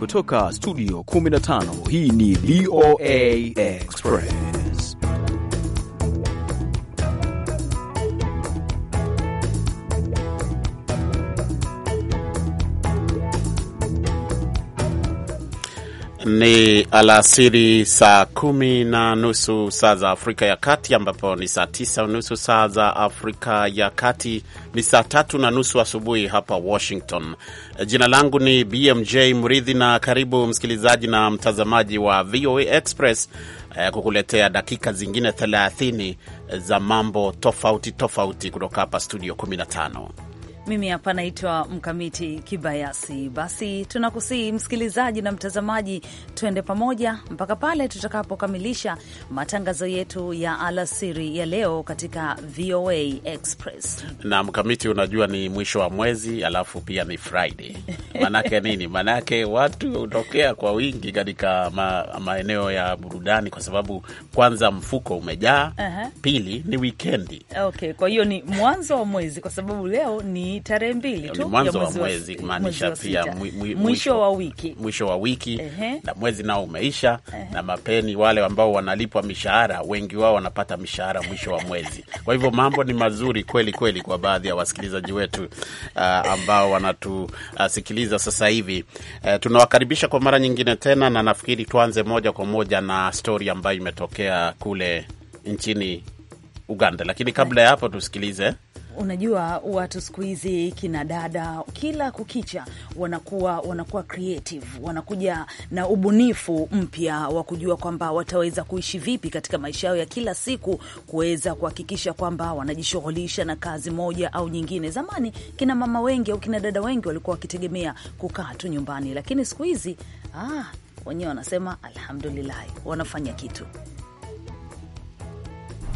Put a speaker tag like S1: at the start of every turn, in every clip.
S1: kutoka studio 15 hii ni VOA Express.
S2: Ni alasiri saa kumi na nusu saa za Afrika ya Kati, ambapo ni saa tisa nusu saa za Afrika ya Kati ni saa tatu na nusu asubuhi hapa Washington. Jina langu ni BMJ Mridhi, na karibu msikilizaji na mtazamaji wa VOA Express eh, kukuletea dakika zingine 30 za mambo tofauti tofauti kutoka hapa studio 15.
S3: Mimi hapa naitwa Mkamiti Kibayasi. Basi tunakusihi msikilizaji na mtazamaji, tuende pamoja mpaka pale tutakapokamilisha matangazo yetu ya alasiri ya leo katika VOA Express.
S2: Na Mkamiti, unajua ni mwisho wa mwezi, alafu pia ni Friday. Maanake nini? Maanake watu hutokea kwa wingi katika ma, maeneo ya burudani, kwa sababu kwanza mfuko umejaa uh -huh. Pili ni wikendi,
S3: okay, kwa hiyo ni mwanzo wa mwezi, kwa sababu leo ni tarehe mbili tu mwanzo wa
S2: mwezi, kumaanisha pia mwi, mwi, mwisho wa wiki, mwisho wa wiki uh -huh. na mwezi nao umeisha uh -huh. na mapeni wale ambao wanalipwa mishahara, wengi wao wanapata mishahara mwisho wa mwezi. Kwa hivyo mambo ni mazuri kweli kweli kwa baadhi ya wasikilizaji wetu uh, ambao wanatusikiliza uh, sasa hivi uh, tunawakaribisha kwa mara nyingine tena, na nafikiri tuanze moja kwa moja na stori ambayo imetokea kule nchini Uganda, lakini kabla ya hapo tusikilize
S3: Unajua watu siku hizi kina dada kila kukicha wanakuwa wanakuwa creative, wanakuja na ubunifu mpya wa kujua kwamba wataweza kuishi vipi katika maisha yao ya kila siku, kuweza kuhakikisha kwamba wanajishughulisha na kazi moja au nyingine. Zamani kina mama wengi au kina dada wengi walikuwa wakitegemea kukaa tu nyumbani, lakini siku hizi ah, wenyewe wanasema alhamdulilahi wanafanya kitu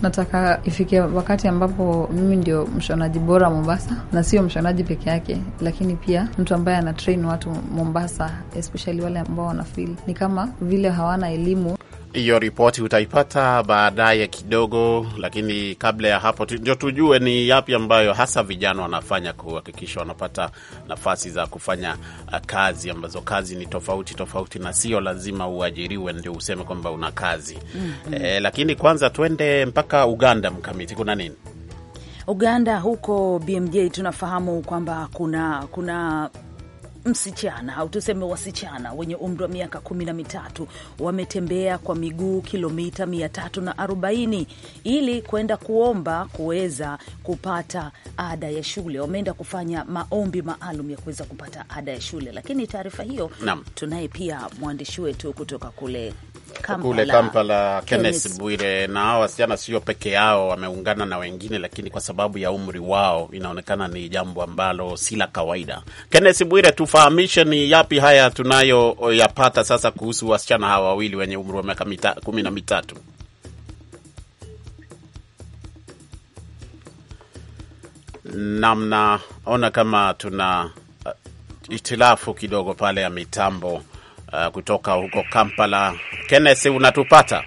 S4: nataka ifikie wakati ambapo mimi ndio mshonaji bora Mombasa, na sio mshonaji peke yake, lakini pia mtu ambaye anatrain watu Mombasa, especially wale ambao wanafeel ni kama vile hawana elimu.
S2: Hiyo ripoti utaipata baadaye kidogo, lakini kabla ya hapo ndio tujue ni yapi ambayo hasa vijana wanafanya kuhakikisha wanapata nafasi za kufanya uh, kazi ambazo kazi ni tofauti tofauti, na sio lazima uajiriwe ndio useme kwamba una kazi mm -hmm. E, lakini kwanza twende mpaka Uganda. Mkamiti, kuna nini
S3: Uganda huko? BMJ, tunafahamu kwamba kuna kuna msichana au tuseme wasichana wenye umri wa miaka kumi na mitatu wametembea kwa miguu kilomita mia tatu na arobaini ili kwenda kuomba kuweza kupata ada ya shule. Wameenda kufanya maombi maalum ya kuweza kupata ada ya shule, lakini taarifa hiyo tunaye pia mwandishi wetu kutoka kule kule Kampala. Kenneth
S2: Bwire, na hao wasichana sio peke yao, wameungana na wengine, lakini kwa sababu ya umri wao inaonekana ni jambo ambalo si la kawaida. kenes Bwire, tufahamishe ni yapi haya tunayoyapata sasa kuhusu wasichana hawa wawili wenye umri wa miaka kumi na mitatu? namnaona kama tuna hitilafu uh, kidogo pale ya mitambo. Uh, kutoka huko Kampala. Kenneth, unatupata?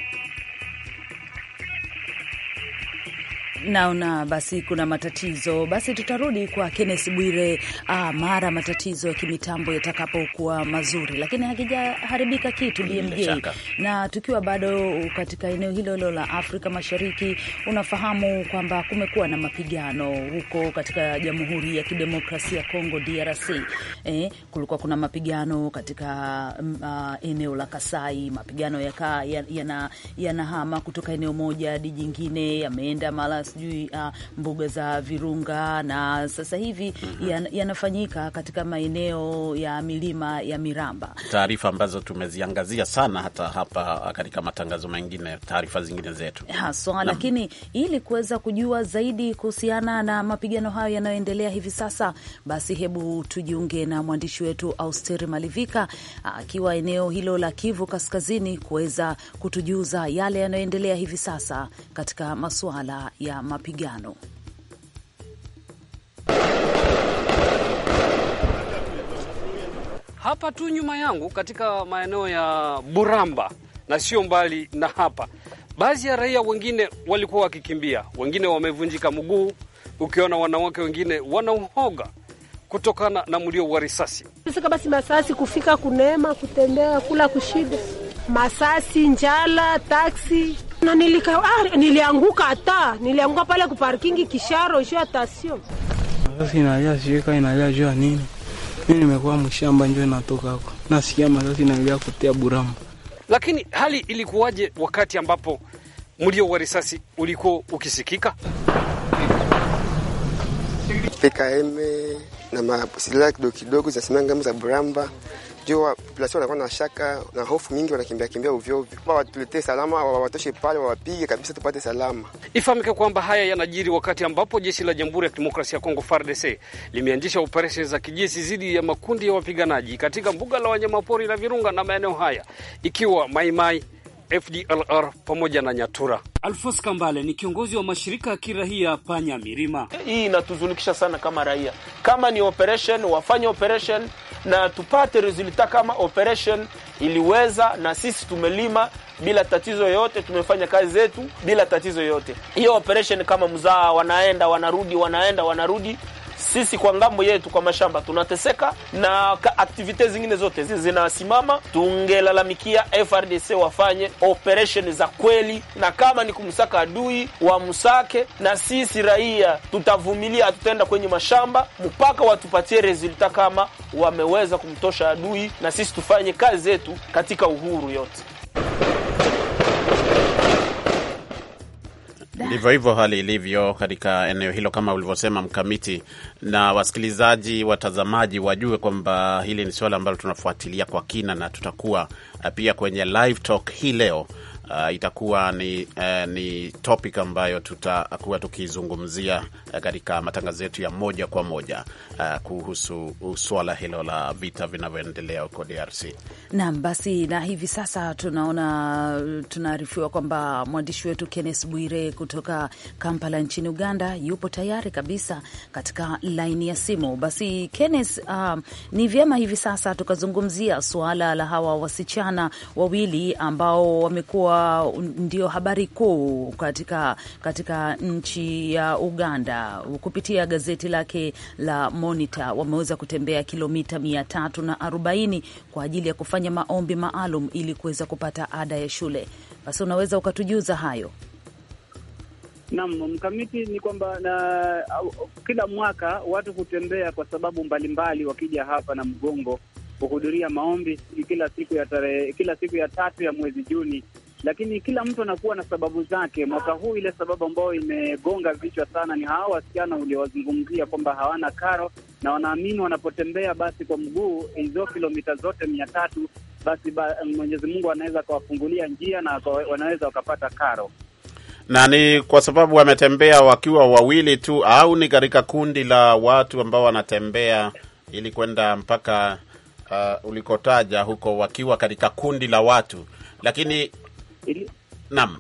S3: Naona basi kuna matatizo, basi tutarudi kwa kennes Bwire ah, mara matatizo ya kimitambo yatakapokuwa mazuri, lakini hakijaharibika kitu BMJ. Na tukiwa bado katika eneo hilo hilo la Afrika Mashariki, unafahamu kwamba kumekuwa na mapigano huko katika Jamhuri ya Kidemokrasia ya Kongo DRC. Eh, kulikuwa kuna mapigano katika uh, eneo la Kasai, mapigano yanahama ya, ya ya kutoka eneo moja hadi jingine, yameenda mara sijui uh, mbuga za Virunga na sasa hivi mhm. yan, yanafanyika katika maeneo ya milima ya Miramba,
S2: taarifa ambazo tumeziangazia sana hata hapa katika matangazo mengine, taarifa zingine zetu
S3: haswa. Lakini ili kuweza kujua zaidi kuhusiana na mapigano hayo yanayoendelea hivi sasa, basi hebu tujiunge na mwandishi wetu Austeri Malivika akiwa eneo hilo la Kivu Kaskazini kuweza kutujuza yale yanayoendelea hivi sasa katika masuala ya mapigano.
S5: Hapa tu nyuma yangu katika maeneo ya Buramba na sio mbali na hapa, baadhi ya raia wengine walikuwa wakikimbia, wengine wamevunjika mguu, ukiona wanawake wengine wanauhoga kutokana na mlio wa risasi.
S3: Sika basi masasi kufika, kunema, kutembea, kula, kushida, masasi, njala, taksi na nilika, ah, nilianguka hata nilianguka pale parking kisharo sio ya
S6: Sasa inalia sijui kama inalia juu ya nini. Mimi nimekuwa mshamba njoo natoka huko. Nasikia masasi inalia kutia buramu
S5: Lakini hali ilikuwaje wakati ambapo mlio wa risasi ulikuwa ukisikika?
S6: PKM na masilaha kidogo kidogo zinasemanga za Buramba ndio population wanakuwa na shaka na hofu mingi, wanakimbia kimbia ovyo Watuletee salama, wawatoshe pale, wawapige kabisa, tupate salama.
S5: Ifahamike kwamba haya yanajiri wakati ambapo jeshi la Jamhuri ya Kidemokrasia ya Kongo FARDC limeanzisha operesheni za kijeshi dhidi ya makundi ya wapiganaji katika mbuga la wanyamapori la Virunga na maeneo haya ikiwa Maimai FDLR pamoja na Nyatura. Alfos Kambale ni kiongozi wa mashirika ya kirahia panya milima. Hii inatuzunikisha sana kama raia. Kama ni operation,
S1: wafanye operation na tupate resulta kama operation iliweza, na sisi tumelima bila tatizo yote, tumefanya kazi zetu bila tatizo yote. Hiyo operation kama mzaa, wanaenda wanarudi, wanaenda wanarudi sisi kwa ngambo yetu kwa mashamba tunateseka na aktivite zingine zote zinasimama. Tungelalamikia FRDC wafanye operation za kweli, na kama ni kumsaka adui wamsake, na sisi raia tutavumilia, hatutaenda kwenye mashamba mpaka watupatie resulta kama wameweza kumtosha adui, na sisi tufanye kazi zetu katika uhuru yote.
S2: Ndivyo hivyo hali ilivyo katika eneo hilo kama ulivyosema Mkamiti, na wasikilizaji, watazamaji wajue kwamba hili ni suala ambalo tunafuatilia kwa kina na tutakuwa eh, pia kwenye live talk hii leo uh, itakuwa ni, uh, ni topic ambayo tutakuwa tukizungumzia uh, katika matangazo yetu ya moja kwa moja uh, kuhusu swala hilo la vita vinavyoendelea huko DRC.
S3: Naam, basi na hivi sasa tunaona tunaarifiwa kwamba mwandishi wetu kennes Bwire kutoka Kampala nchini Uganda yupo tayari kabisa katika laini ya simu. Basi Kennes, uh, um, ni vyema hivi sasa tukazungumzia suala la hawa wasichana wawili ambao wamekuwa ndio habari kuu katika, katika nchi ya Uganda kupitia gazeti lake la Monitor. Wameweza kutembea kilomita mia tatu na arobaini kwa ajili ya kufanya maombi maalum ili kuweza kupata ada ya shule. Basi unaweza ukatujuza hayo?
S4: Naam,
S5: mkamiti ni kwamba na kila mwaka watu hutembea kwa sababu mbalimbali, wakija hapa na Mgongo kuhudhuria maombi kila siku ya tarehe, kila siku ya tatu ya mwezi Juni lakini kila mtu anakuwa na sababu zake. Mwaka huu ile sababu ambayo imegonga vichwa sana ni hawa wasichana uliowazungumzia kwamba hawana karo na wanaamini wanapotembea basi kwa mguu hizo kilomita zote mia tatu basi ba, Mwenyezi Mungu anaweza akawafungulia njia na wanaweza wakapata karo
S2: na ni kwa sababu wametembea wakiwa wawili tu, au ni katika kundi la watu ambao wanatembea ili kwenda mpaka uh, ulikotaja huko, wakiwa katika kundi la watu. Lakini ili... Naam.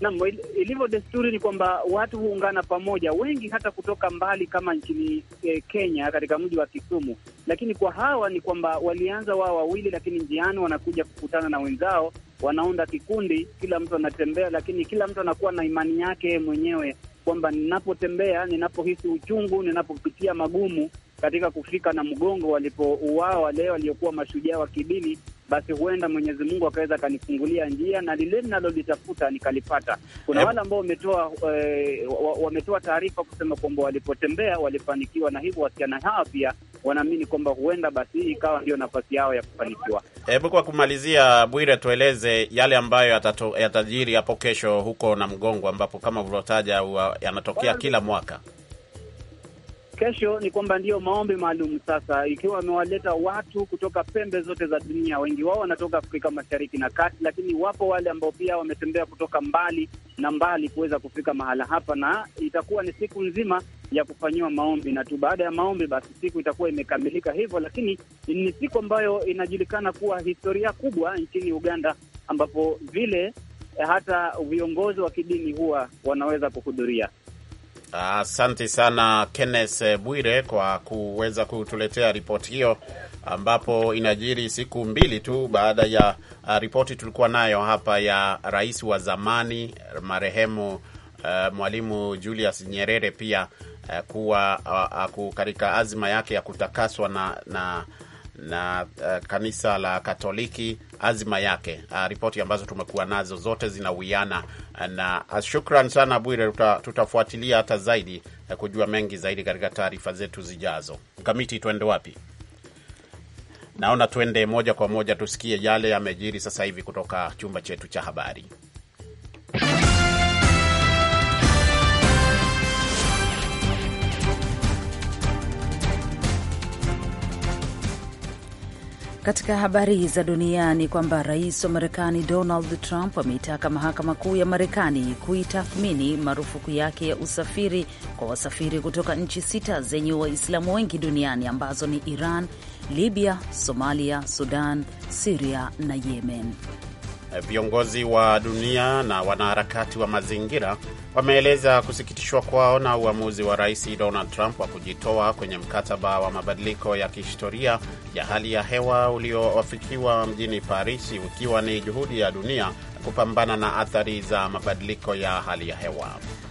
S5: Naam, ilivyo desturi ni kwamba watu huungana pamoja, wengi hata kutoka mbali kama nchini eh, Kenya katika mji wa Kisumu. Lakini kwa hawa ni kwamba walianza wao wawili, lakini njiani wanakuja kukutana na wenzao, wanaunda kikundi, kila mtu anatembea, lakini kila mtu anakuwa na imani yake mwenyewe kwamba ninapotembea, ninapohisi uchungu, ninapopitia magumu katika kufika na mgongo walipouawa wale waliokuwa mashujaa wa kidini basi huenda Mwenyezi Mungu akaweza akanifungulia njia na lile ninalolitafuta nikalipata. Kuna yep. wale ambao wametoa e, wametoa taarifa kusema kwamba walipotembea walifanikiwa, na hivyo wasichana hawa pia wanaamini kwamba huenda basi ikawa ndio nafasi yao ya kufanikiwa.
S2: Hebu kwa kumalizia, Bwire, tueleze yale ambayo yatajiri hapo kesho huko na mgongo ambapo kama ulivyotaja yanatokea kila mwaka.
S5: Kesho ni kwamba ndiyo maombi maalum sasa, ikiwa wamewaleta watu kutoka pembe zote za dunia. Wengi wao wanatoka Afrika Mashariki na Kati, lakini wapo wale ambao pia wametembea kutoka mbali na mbali kuweza kufika mahala hapa, na itakuwa ni siku nzima ya kufanyiwa maombi, na tu baada ya maombi basi siku itakuwa imekamilika hivyo. Lakini ni siku ambayo inajulikana kuwa historia kubwa nchini Uganda, ambapo vile hata viongozi wa kidini huwa wanaweza kuhudhuria.
S2: Asante uh, sana Kenneth Bwire kwa kuweza kutuletea ripoti hiyo, ambapo inajiri siku mbili tu baada ya uh, ripoti tulikuwa nayo hapa ya rais wa zamani marehemu uh, Mwalimu Julius Nyerere pia uh, kuwa uh, katika azima yake ya kutakaswa na, na, na uh, kanisa la Katoliki azima yake. Uh, ripoti ambazo tumekuwa nazo zote zinawiana ah, na uh, shukran sana Bwire, tuta, tutafuatilia hata zaidi uh, kujua mengi zaidi katika taarifa zetu zijazo. Mkamiti, tuende wapi? Naona tuende moja kwa moja tusikie yale yamejiri sasa hivi kutoka chumba chetu cha habari.
S3: Katika habari za dunia ni kwamba rais wa Marekani Donald Trump ameitaka mahakama kuu ya Marekani kuitathmini marufuku yake ya usafiri kwa wasafiri kutoka nchi sita zenye Waislamu wengi duniani ambazo ni Iran, Libya, Somalia, Sudan, Siria na Yemen.
S2: Eh, viongozi wa dunia na wanaharakati wa mazingira wameeleza kusikitishwa kwao na uamuzi wa Rais Donald Trump wa kujitoa kwenye mkataba wa mabadiliko ya kihistoria ya hali ya hewa ulioafikiwa mjini Paris, ukiwa ni juhudi ya dunia kupambana na athari za mabadiliko ya hali ya hewa.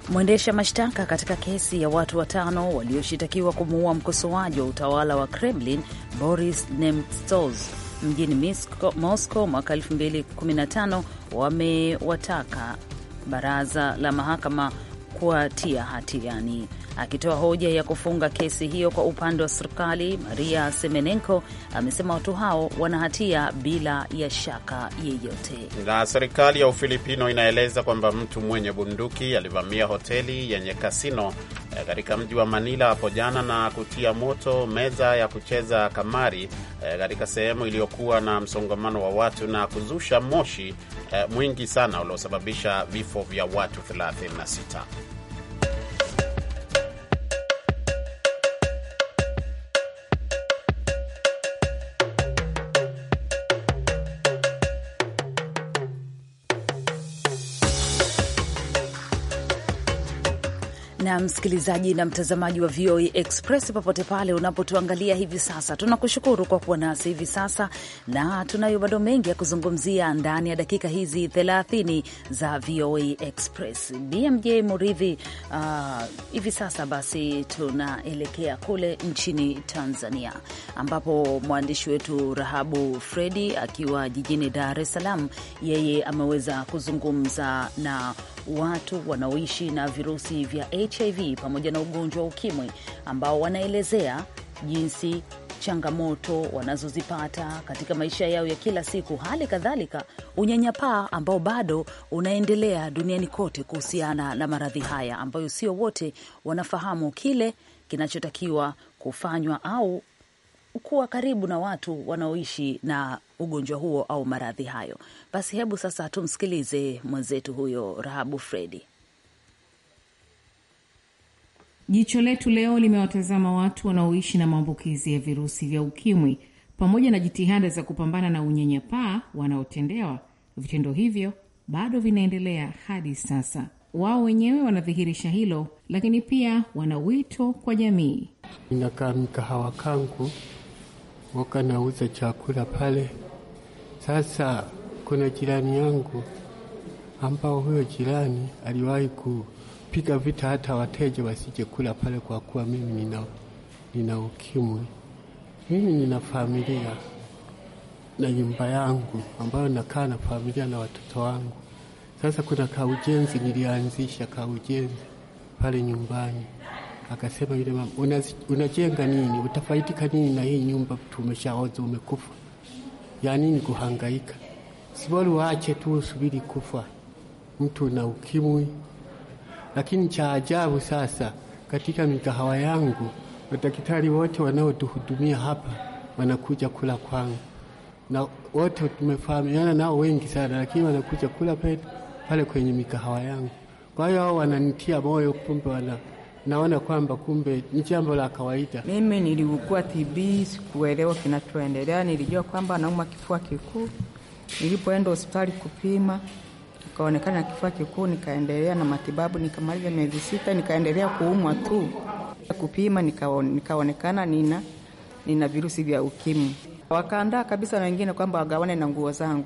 S3: Mwendesha mashtaka katika kesi ya watu watano walioshitakiwa kumuua mkosoaji wa utawala wa Kremlin Boris Nemtsov mjini Moscow mwaka 2015 wamewataka baraza la mahakama kuwatia hatiani. Akitoa hoja ya kufunga kesi hiyo kwa upande wa serikali, Maria Semenenko amesema watu hao wana hatia bila ya shaka yeyote.
S2: Na serikali ya Ufilipino inaeleza kwamba mtu mwenye bunduki alivamia hoteli yenye kasino Eh, katika mji wa Manila hapo jana na kutia moto meza ya kucheza kamari eh, katika sehemu iliyokuwa na msongamano wa watu na kuzusha moshi eh, mwingi sana uliosababisha vifo vya watu 36.
S3: tena msikilizaji na mtazamaji wa VOA e Express popote pale unapotuangalia hivi sasa, tunakushukuru kwa kuwa nasi hivi sasa, na tunayo bado mengi ya kuzungumzia ndani ya dakika hizi 30 za VOA e Express. BMJ Muridhi, uh, hivi sasa basi tunaelekea kule nchini Tanzania ambapo mwandishi wetu Rahabu Fredi akiwa jijini Dar es Salaam, yeye ameweza kuzungumza na watu wanaoishi na virusi vya HIV pamoja na ugonjwa wa ukimwi ambao wanaelezea jinsi changamoto wanazozipata katika maisha yao ya kila siku, hali kadhalika unyanyapaa ambao bado unaendelea duniani kote kuhusiana na maradhi haya ambayo sio wote wanafahamu kile kinachotakiwa kufanywa au kuwa karibu na watu wanaoishi na ugonjwa huo au maradhi hayo. Basi hebu sasa tumsikilize mwenzetu huyo Rahabu Fredi. Jicho letu leo limewatazama watu wanaoishi na maambukizi ya virusi vya ukimwi pamoja na jitihada za kupambana na unyanyapaa wanaotendewa. Vitendo hivyo bado vinaendelea hadi sasa. Wao wenyewe wanadhihirisha hilo, lakini pia wana wito kwa jamii.
S6: Inakaa mkahawa kangu wakanauza chakula pale. Sasa kuna jirani yangu ambao huyo jirani aliwahi kupiga vita hata wateja wasije kula pale, kwa kuwa mimi nina, nina ukimwi. Mimi nina familia na nyumba yangu ambayo nakaa na familia na watoto wangu. Sasa kuna kaujenzi nilianzisha kaujenzi pale nyumbani. Akasema yule mama, unajenga nini? Utafaidika nini na hii nyumba? Tumeshaoza, umekufa, ya yaani nini kuhangaika? Sibali waache tu usubiri kufa, mtu na ukimwi. Lakini cha ajabu sasa, katika mikahawa yangu madaktari wote wanaotuhudumia hapa wanakuja kula kwangu, na wote tumefahamiana nao wengi sana, lakini wanakuja kula pale kwenye mikahawa yangu. Kwa hiyo wananitia moyo, kumbe wana naona kwamba kumbe ni jambo la kawaida. Mimi niliugua TB, sikuelewa kinachoendelea. Nilijua kwamba nauma kifua kikuu. Nilipoenda hospitali
S3: kupima, ikaonekana kifua kikuu, nikaendelea na matibabu, nikamaliza miezi sita, nikaendelea kuumwa tu. Kupima nikaonekana nina nina virusi vya ukimwi. Wakaandaa kabisa na wengine kwamba wagawane na nguo zangu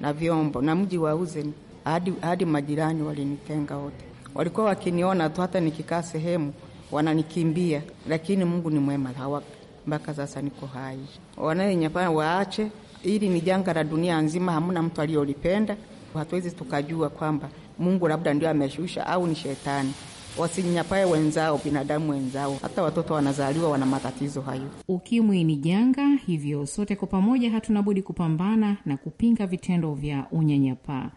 S3: na vyombo na mji wauze, hadi hadi majirani walinitenga wote walikuwa wakiniona tu, hata nikikaa sehemu wananikimbia, lakini Mungu ni mwema, hawa mpaka sasa niko hai. Wanayenyapana waache, ili ni janga la dunia nzima, hamna mtu aliyolipenda. Hatuwezi tukajua kwamba Mungu labda ndio ameshusha au ni shetani. Wasinyapae wenzao, binadamu wenzao, hata watoto wanazaliwa wana matatizo hayo. Ukimwi ni janga, hivyo sote kwa pamoja hatuna budi kupambana na kupinga vitendo vya unyanyapaa.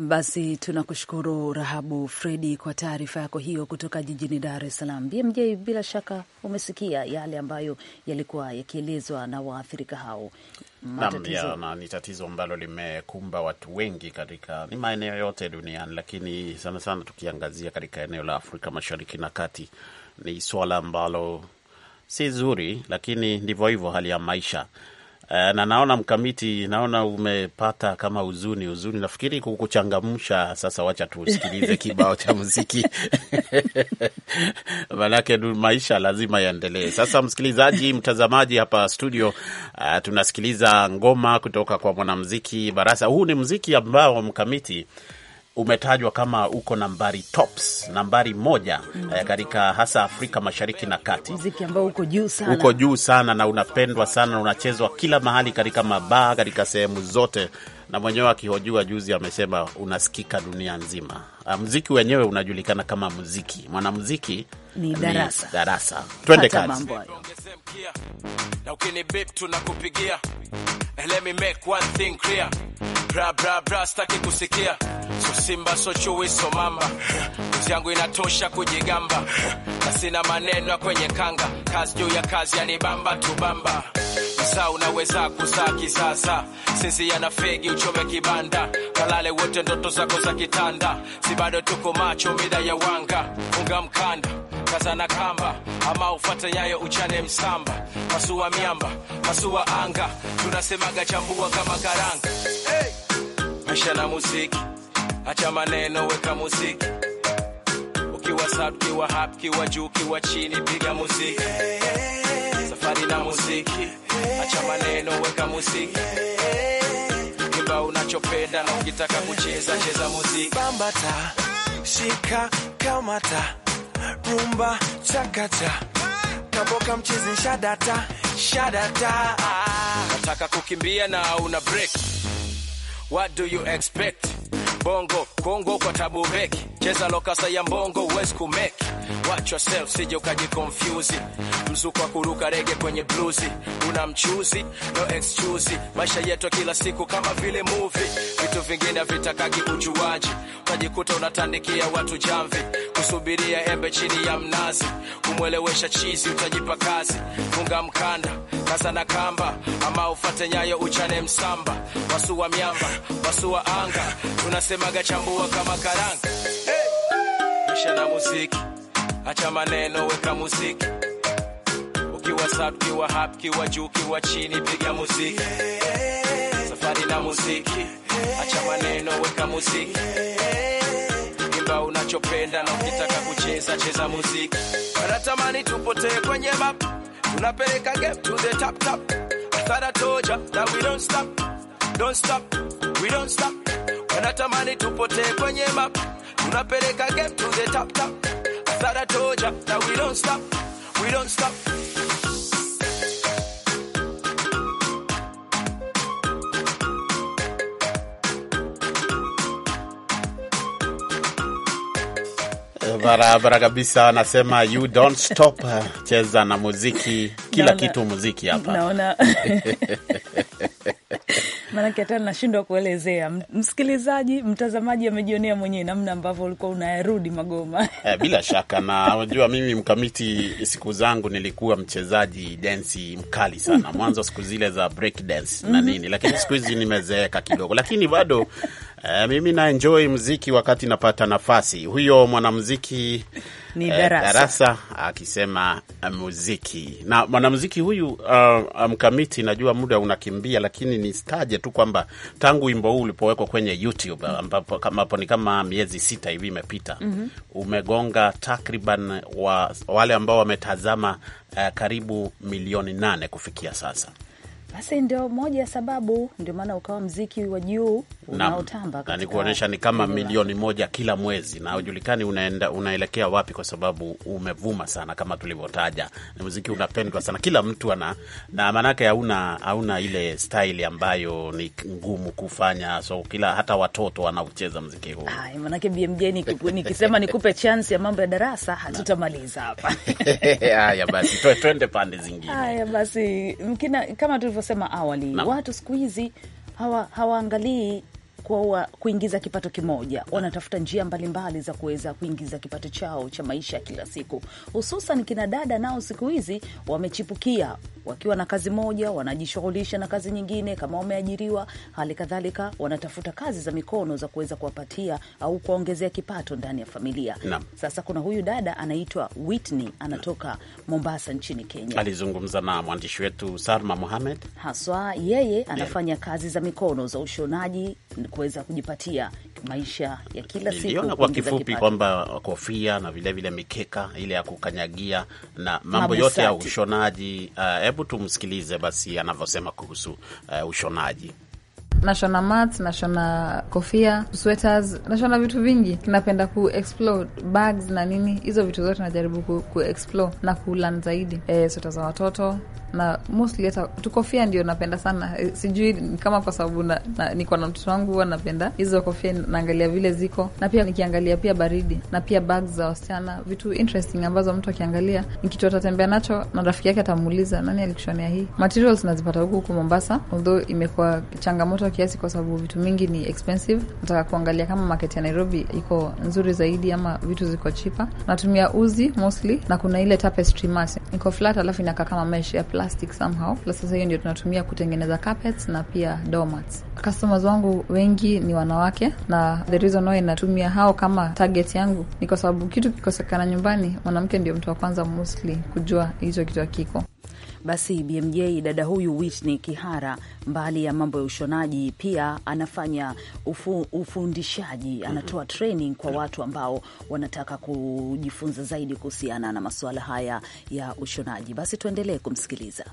S3: Basi tunakushukuru Rahabu Fredi kwa taarifa yako hiyo kutoka jijini Dar es Salaam. BMJ, bila shaka umesikia yale ambayo yalikuwa yakielezwa na waathirika hao. Na
S2: ni tatizo ambalo limekumba watu wengi katika ni maeneo yote duniani, lakini sana sana tukiangazia katika eneo la Afrika Mashariki na Kati, ni swala ambalo si zuri, lakini ndivyo hivyo hali ya maisha Eh, na naona mkamiti, naona umepata kama huzuni huzuni, nafikiri kukuchangamsha. Sasa wacha tusikilize kibao cha muziki manake maisha lazima yaendelee. Sasa msikilizaji, mtazamaji, hapa studio uh, tunasikiliza ngoma kutoka kwa mwanamuziki Barasa. Huu ni muziki ambao mkamiti umetajwa kama uko nambari tops, nambari moja mm. -hmm. katika hasa Afrika Mashariki na Kati,
S3: muziki ambao uko juu sana, uko juu
S2: sana na unapendwa sana, unachezwa kila mahali, katika mabaa, katika sehemu zote na mwenyewe akihojua juzi amesema unasikika dunia nzima. Ah, Mziki wenyewe unajulikana kama muziki, mwanamziki ni darasa. Ni darasa.
S7: Twende kazi. Na ukini bip tunakupigia. Let me make one thing clear. Bra bra bra staki kusikia. So simba so chui so mamba. Kazi yangu inatosha kujigamba. Na sina maneno kwenye kanga. Kazi juu ya kazi yani bamba tu bamba. Msaa unaweza kuzaa kisasa. Sisi yana fegi uchome kibanda. Kalale wote ndoto zako za kitanda. Si bado tuko macho mida ya wanga. Funga mkanda kazana kamba, ama ufate nyayo uchane msamba, pasua miamba, pasua anga, tunasemaga chambua kama karanga. Hey! Maisha na muziki, acha maneno, weka muziki, ukiwa sad, ukiwa hap, ukiwa juu, ukiwa chini, piga muziki. Safari na muziki, acha maneno, weka muziki Imba unachopenda na ukitaka kucheza cheza muziki. Bambata, shika, kamata rumba chakata, kaboka mchizi shadata shadata, nataka kukimbia na una break, what do you expect? Bongo Kongo kwa tabu beki, cheza lokasa ya mbongo uwezi kumeki. Watch yourself sije ukajikonfyuzi, mzuko wa kuruka rege kwenye bluzi, una mchuzi no excuse. Maisha yetu kila siku kama vile movie, vitu vingine vitakagi ujuaji, utajikuta unatandikia watu jamvi kusubiria embe chini ya mnazi, kumwelewesha chizi utajipa kazi, funga mkanda kaza na kamba, ama ufate nyayo uchane msamba, wasua miamba wasua anga, tunasemaga chambua kama karanga. Hey! Isha na muziki, acha maneno, weka muziki ukiwa sub kiwa hap kiwa juu kiwa chini, piga muziki safari na muziki, acha maneno, weka muziki imba unachopenda, na ukitaka kucheza cheza muziki. Anatamani tupotee kwenye map, tunapeleka game to the top top. Thara toja that we don't stop, don't stop, we don't stop. Anatamani tupotee kwenye map, tunapeleka game to the top top. Thara toja that we don't stop, we don't stop.
S2: barabara kabisa, anasema you don't stop, uh, cheza na muziki kila naona, kitu muziki hapa naona
S3: maanake hata nashindwa kuelezea. Msikilizaji, mtazamaji amejionea mwenyewe namna ambavyo ulikuwa unayarudi Magoma
S2: eh, bila shaka na unajua, mimi mkamiti, siku zangu nilikuwa mchezaji densi mkali sana mwanzo, siku zile za break dance na mhm. nini, lakini siku hizi nimezeeka kidogo, lakini bado Uh, mimi na enjoy mziki wakati napata nafasi. Huyo mwanamziki ni eh, darasa, uh, darasa akisema eh, muziki na mwanamziki huyu uh, mkamiti, najua muda unakimbia, lakini nistaje tu kwamba tangu wimbo huu ulipowekwa kwenye YouTube ambapo kama ni kama miezi sita hivi imepita, mm -hmm. umegonga takriban wa, wale ambao wametazama uh, karibu milioni nane kufikia sasa.
S3: Basi ndio moja ya sababu, ndio maana ukawa mziki wa juu unaotamba na nikuonyesha ni
S2: kama milioni moja kila mwezi, na ujulikani unaenda unaelekea wapi, kwa sababu umevuma sana, kama tulivyotaja, ni mziki unapendwa sana, kila mtu ana na maanake, hauna hauna ile style ambayo ni ngumu kufanya, so kila hata watoto wanaucheza mziki huu. Hai,
S3: maanake BMJ nikisema nikupe chance ya mambo ya darasa hatutamaliza hapa.
S2: Haya basi twende pande zingine.
S3: Haya basi mkina, kama tulivyo tulivyosema awali na, watu siku hizi hawaangalii hawa kwa kuingiza kipato kimoja, wanatafuta njia mbalimbali mbali za kuweza kuingiza kipato chao cha maisha ya kila siku, hususan kina dada nao siku hizi wamechipukia wakiwa na kazi moja wanajishughulisha na kazi nyingine, kama wameajiriwa, hali kadhalika wanatafuta kazi za mikono za kuweza kuwapatia au kuwaongezea kipato ndani ya familia na. Sasa kuna huyu dada anaitwa Whitney anatoka na. Mombasa nchini Kenya.
S2: Alizungumza na mwandishi wetu Salma Muhamed
S3: haswa, yeye anafanya yeah, kazi za mikono za ushonaji kuweza kujipatia maisha ya kila siku. Kwa kifupi
S2: kwamba kofia na vilevile mikeka ile ya kukanyagia na mambo Mabusati yote ya ushonaji. Uh, hebu uh, tumsikilize basi anavyosema kuhusu uh, ushonaji.
S4: Nashona mats, nashona kofia, sweaters, nashona vitu vingi. Napenda ku explore bags na nini, hizo vitu zote najaribu ku, ku explore na kulan zaidi e, eh, sweta za watoto na mostly hata tukofia ndio napenda sana, eh, sijui kama kwa sababu na, na, niko na mtoto wangu huwa napenda hizo kofia, naangalia vile ziko, na pia nikiangalia pia baridi na pia bags za wasichana, vitu interesting ambazo mtu akiangalia nikitu atatembea nacho, na rafiki yake atamuuliza nani alikushonea hii. Materials nazipata huku huku Mombasa, although imekuwa changamoto kiasi, kwa sababu vitu mingi ni expensive. Nataka kuangalia kama market ya Nairobi iko nzuri zaidi ama vitu ziko chipa. Natumia uzi mostly, na kuna ile tapestry mat iko flat, alafu inakaa kama mesh ya plastic somehow. Sasa hiyo ndio tunatumia kutengeneza carpets na pia doormats. Customers wangu wengi ni wanawake, na the reason why natumia hao kama target yangu ni kwa sababu kitu kikosekana nyumbani, mwanamke ndio mtu wa kwanza mostly kujua hicho kitu akiko.
S3: Basi BMJ, dada huyu Whitney Kihara, mbali ya mambo ya ushonaji, pia anafanya ufu, ufundishaji, mhm. anatoa training kwa watu ambao wanataka kujifunza zaidi kuhusiana na masuala haya ya ushonaji. Basi tuendelee kumsikiliza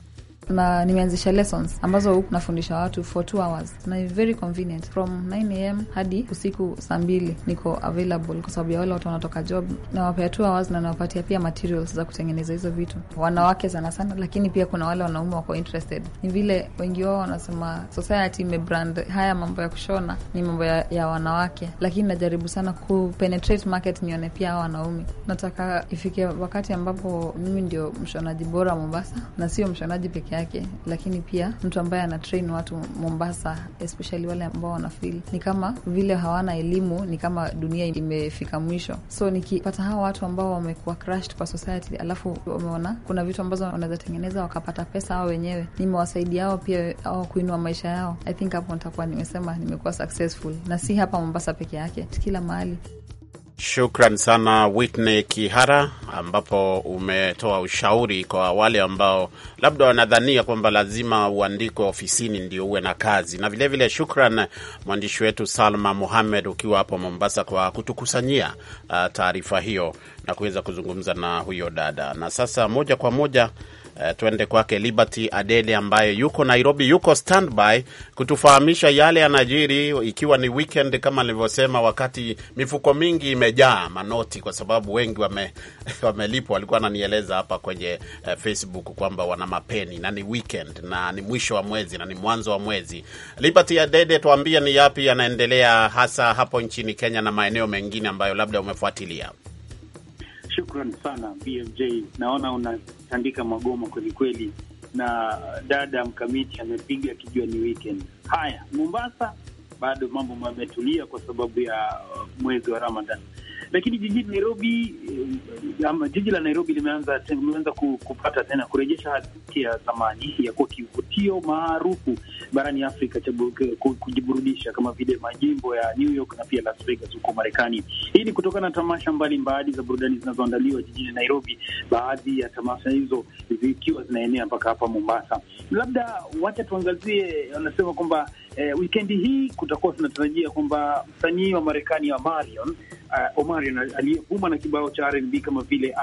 S4: na nimeanzisha lessons ambazo nafundisha watu for two hours na very convenient from 9am hadi usiku saa mbili niko available kwa sababu ya wale watu wanatoka job, nawapea two hours na nawapatia pia materials za kutengeneza hizo vitu, wanawake sana sana, lakini pia kuna wale wanaume wako interested. Ni vile wengi wao wanasema society imebrand haya mambo ya kushona ni mambo ya, ya wanawake, lakini najaribu sana kupenetrate market, nione pia hawa wanaume. Nataka ifike wakati ambapo mimi ndio mshonaji bora Mombasa na sio mshonaji peke yake, lakini pia mtu ambaye ana train watu Mombasa, especially wale ambao wanafil ni kama vile hawana elimu, ni kama dunia imefika mwisho. So nikipata hawa watu ambao wamekuwa crushed kwa society, alafu wameona kuna vitu ambazo wanaweza tengeneza wakapata pesa hao wenyewe, nimewasaidia hao pia au kuinua maisha yao, I think hapo nitakuwa nimesema nimekuwa successful, na si hapa Mombasa peke yake, kila mahali.
S2: Shukran sana Whitney Kihara, ambapo umetoa ushauri kwa wale ambao labda wanadhania kwamba lazima uandikwe ofisini ndio uwe na kazi, na vilevile vile shukran mwandishi wetu Salma Muhamed ukiwa hapo Mombasa kwa kutukusanyia uh, taarifa hiyo na kuweza kuzungumza na huyo dada. Na sasa moja kwa moja Uh, twende kwake Liberty Adede ambaye yuko Nairobi, yuko standby kutufahamisha yale yanajiri, ikiwa ni weekend kama nilivyosema, wakati mifuko mingi imejaa manoti kwa sababu wengi wame, wamelipwa. Walikuwa wananieleza hapa kwenye uh, Facebook kwamba wana mapeni na ni weekend na ni mwisho wa mwezi na ni mwanzo wa mwezi. Liberty Adede, tuambie ni yapi yanaendelea hasa hapo nchini Kenya na maeneo mengine ambayo labda umefuatilia.
S8: Shukran sana BFJ, naona unatandika magoma kwelikweli, na dada mkamiti amepiga akijua ni weekend. Haya, Mombasa bado mambo mametulia kwa sababu ya mwezi wa Ramadan lakini jijini Nairobi, eh, jiji la Nairobi limeanza limeanza kupata tena kurejesha hadhi ya zamani ya kuwa kivutio maarufu barani Afrika cha kujiburudisha kama vile majimbo ya New York na pia Las Vegas huko Marekani. Hii ni kutokana na tamasha mbalimbali za burudani zinazoandaliwa jijini Nairobi, baadhi ya tamasha hizo zikiwa zinaenea mpaka hapa Mombasa. Labda wacha tuangazie, wanasema kwamba eh, wikendi hii kutakuwa tunatarajia kwamba msanii wa Marekani wa Marion uh, Omari aliyevuma na kibao cha R&B kama vile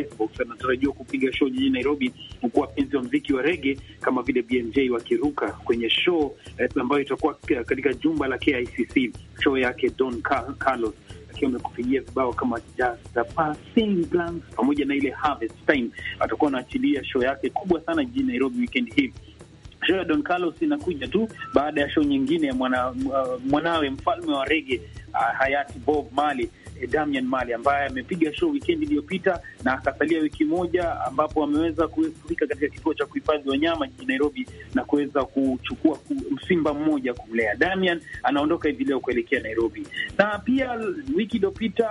S8: Icebox anatarajiwa kupiga show jijini Nairobi, huku wapenzi wa mziki wa rege kama vile BMJ wakiruka kwenye show uh, ambayo itakuwa katika jumba la KICC, show yake Don Carlos akiwa amekupigia vibao kama Just Passing Glance pamoja na ile Harvest Time. Atakuwa anaachilia show yake kubwa sana jijini Nairobi wikendi hii Show ya Don Carlos inakuja tu baada ya show nyingine ya mwana, mwanawe mfalme wa rege uh, hayati Bob Marley eh, Damian Mali ambaye amepiga show weekend iliyopita na akasalia wiki moja, ambapo ameweza kufika katika kituo cha kuhifadhi wanyama jijini Nairobi na kuweza kuchukua msimba mmoja kumlea. Damian anaondoka hivi leo kuelekea Nairobi, na pia wiki iliyopita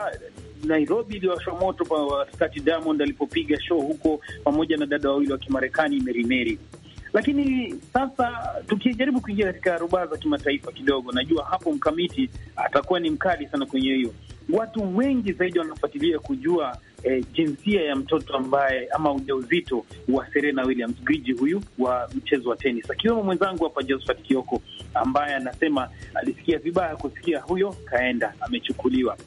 S8: Nairobi iliwashwa moto kwa wakati Diamond alipopiga show huko pamoja na dada wawili wa Kimarekani Merimeri Meri. Lakini sasa tukijaribu kuingia katika rubaa za kimataifa kidogo, najua hapo mkamiti atakuwa ni mkali sana kwenye hiyo. Watu wengi zaidi wanafuatilia kujua eh, jinsia ya mtoto ambaye ama ujauzito wa Serena Williams, gwiji huyu wa mchezo wa tenis, akiwemo mwenzangu hapa Josephat Kioko ambaye anasema alisikia vibaya kusikia huyo kaenda amechukuliwa,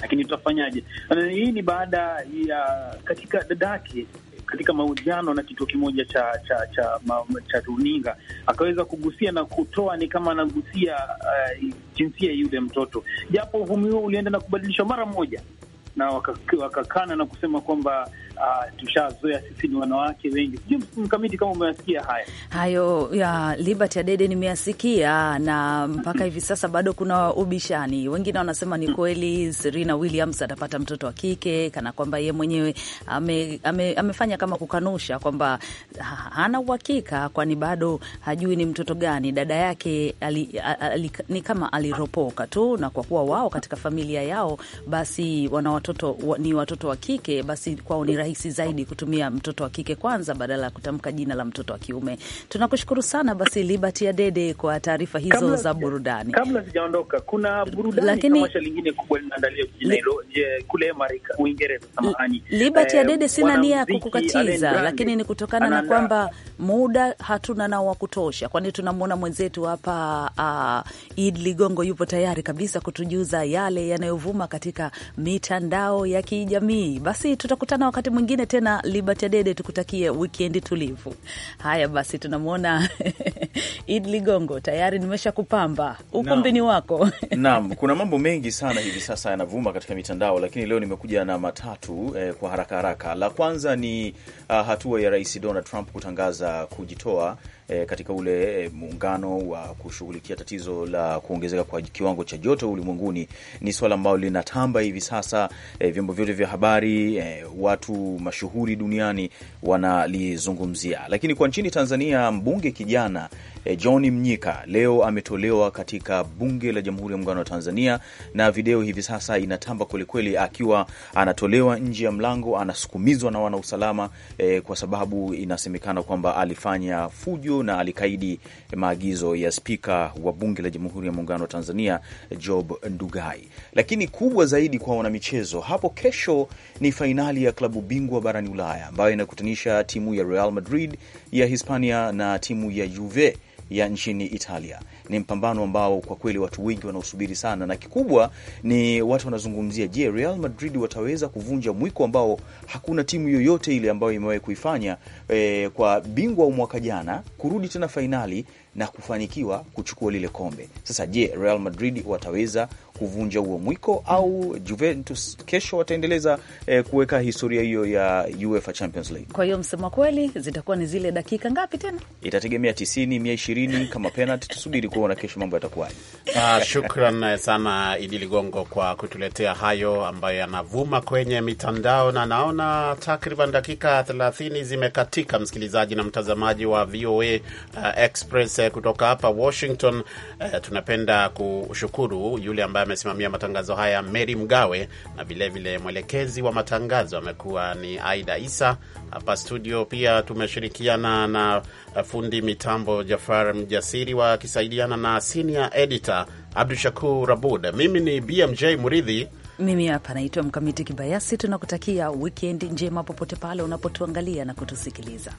S8: lakini tutafanyaje? Hii ni baada ya katika dadake katika mahojiano na kituo kimoja cha cha cha, cha runinga akaweza kugusia na kutoa ni kama anagusia uh, jinsia yule mtoto, japo uvumi huo ulienda na kubadilishwa mara moja na wakakana waka na kusema kwamba Ah, tushazoea sisi ni wanawake wengi. Sijui mkamiti kama umeyasikia haya
S3: hayo ya Liberty Adede. Nimeyasikia na mpaka hivi sasa bado kuna ubishani. Wengine wanasema ni kweli Serena Williams atapata mtoto wa kike, kana kwamba ye mwenyewe ame, ame, amefanya kama kukanusha kwamba hana uhakika, kwani bado hajui ni mtoto gani. Dada yake ali, ali, ni kama aliropoka tu, na kwa kuwa wao katika familia yao basi wana watoto ni watoto wa kike, basi kwao ni rahisi rahisi zaidi kutumia mtoto wa kike kwanza badala ya kutamka jina la mtoto wa kiume. Tunakushukuru sana basi Liberty Adede kwa taarifa hizo kamla, za burudani. Kabla
S8: sijaondoka, kuna burudani lakini tamasha lingine kubwa linaandalia jijini Nairobi eh, kule Marika, Uingereza. Samahani Liberty eh, Adede, sina nia ya kukukatiza, lakini
S3: ni kutokana na kwamba muda hatuna nao wa kutosha, kwani tunamwona mwenzetu hapa uh, Id Ligongo yupo tayari kabisa kutujuza yale yanayovuma katika mitandao ya kijamii. Basi tutakutana wakati mwingine tena, Libertadede, tukutakie wikendi tulivu. Haya basi, tunamwona Id Ligongo, tayari nimesha kupamba ukumbini wako.
S1: Naam, kuna mambo mengi sana hivi sasa yanavuma katika mitandao, lakini leo nimekuja na matatu eh, kwa haraka haraka. La kwanza ni uh, hatua ya Rais Donald Trump kutangaza kujitoa e, katika ule eh, muungano wa kushughulikia tatizo la kuongezeka kwa kiwango cha joto ulimwenguni ni swala ambalo linatamba hivi sasa. E, vyombo vyote vya habari e, watu mashuhuri duniani wanalizungumzia. Lakini kwa nchini Tanzania, mbunge kijana e, John Mnyika leo ametolewa katika bunge la Jamhuri ya Muungano wa Tanzania, na video hivi sasa inatamba kwelikweli, akiwa anatolewa nje ya mlango, anasukumizwa na wanausalama e, kwa sababu inasemekana kwamba alifanya fujo na alikaidi maagizo ya spika wa bunge la Jamhuri ya Muungano wa Tanzania Job Ndugai. Lakini kubwa zaidi kwa wanamichezo, hapo kesho ni fainali ya klabu bingwa barani Ulaya ambayo inakutania kuunganisha timu ya Real Madrid ya Hispania na timu ya Juve ya nchini Italia. Ni mpambano ambao kwa kweli watu wengi wanaosubiri sana, na kikubwa ni watu wanazungumzia, je, Real Madrid wataweza kuvunja mwiko ambao hakuna timu yoyote ile ambayo imewahi kuifanya, e, kwa bingwa wa mwaka jana kurudi tena fainali na kufanikiwa kuchukua lile kombe. Sasa je, Real Madrid wataweza kuvunja huo mwiko au Juventus kesho wataendeleza eh, kuweka historia hiyo ya UEFA Champions League?
S3: Kwa hiyo msema kweli, zitakuwa ni zile dakika ngapi tena?
S1: Itategemea 90, 20 kama penalty. Tusubiri kuona kesho mambo yatakuwaje.
S2: Ah, shukran sana Idi Ligongo kwa kutuletea hayo ambayo yanavuma kwenye mitandao, na naona takriban dakika 30 zimekatika, msikilizaji na mtazamaji wa VOA uh, Express kutoka hapa Washington. Eh, tunapenda kushukuru yule ambaye amesimamia matangazo haya Mary Mgawe, na vilevile mwelekezi wa matangazo amekuwa ni Aida Isa hapa studio. Pia tumeshirikiana na fundi mitambo Jafar Mjasiri, wakisaidiana na senior editor Abdu Shakur Abud. Mimi ni BMJ Muridhi.
S3: Mimi hapa naitwa Mkamiti Kibayasi. Tunakutakia wikendi njema popote pale unapotuangalia na kutusikiliza.